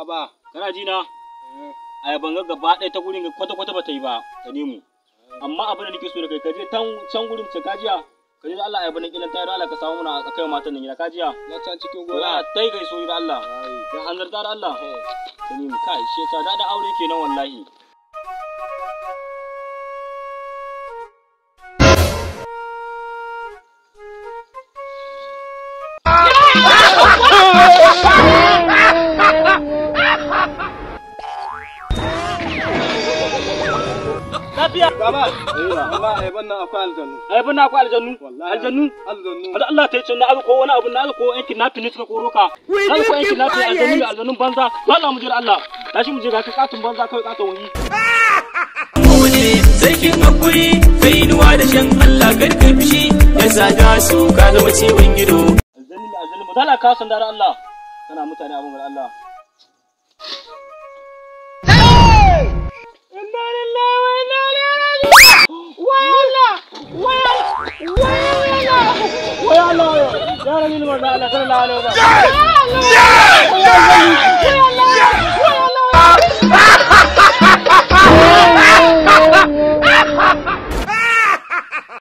Aba. Kana ji na? Eh. Ayaban ga gaba ɗaya ta gurin kwata kwata ba ta yi ba ta nemo. Eh. Amma abin da nake so da kai ka je can gurin ce kajiya. Ka ji da Allah ayaban nan kilan ta da Allah ka samu mana a matan nan gida kajiya. Na can cikin gona. Ya tai so da Allah. Ya hanzarta da Allah. Eh. Ta nemo kai shi ta da aure kenan wallahi. Lafiya. Baba, baba, ai ban akwai aljannu. Ai akwai aljannu. Aljannu. Aljannu. Allah ta na wani abu na alko yanki na tuni suka koro ka. Na alko yanki na tuni aljannu aljannun banza. Allah mu jira Allah. Tashi mu jira ka katun banza kai katun wani. Mune sarkin hakuri sai nuwa da shan Allah karkar shi ya sada su ka zama ciwon gido. Aljannu aljannu mu dala ka san dare Allah. Kana mutane abun Allah. ويا الله يا رجل المرضى لا لا لا لا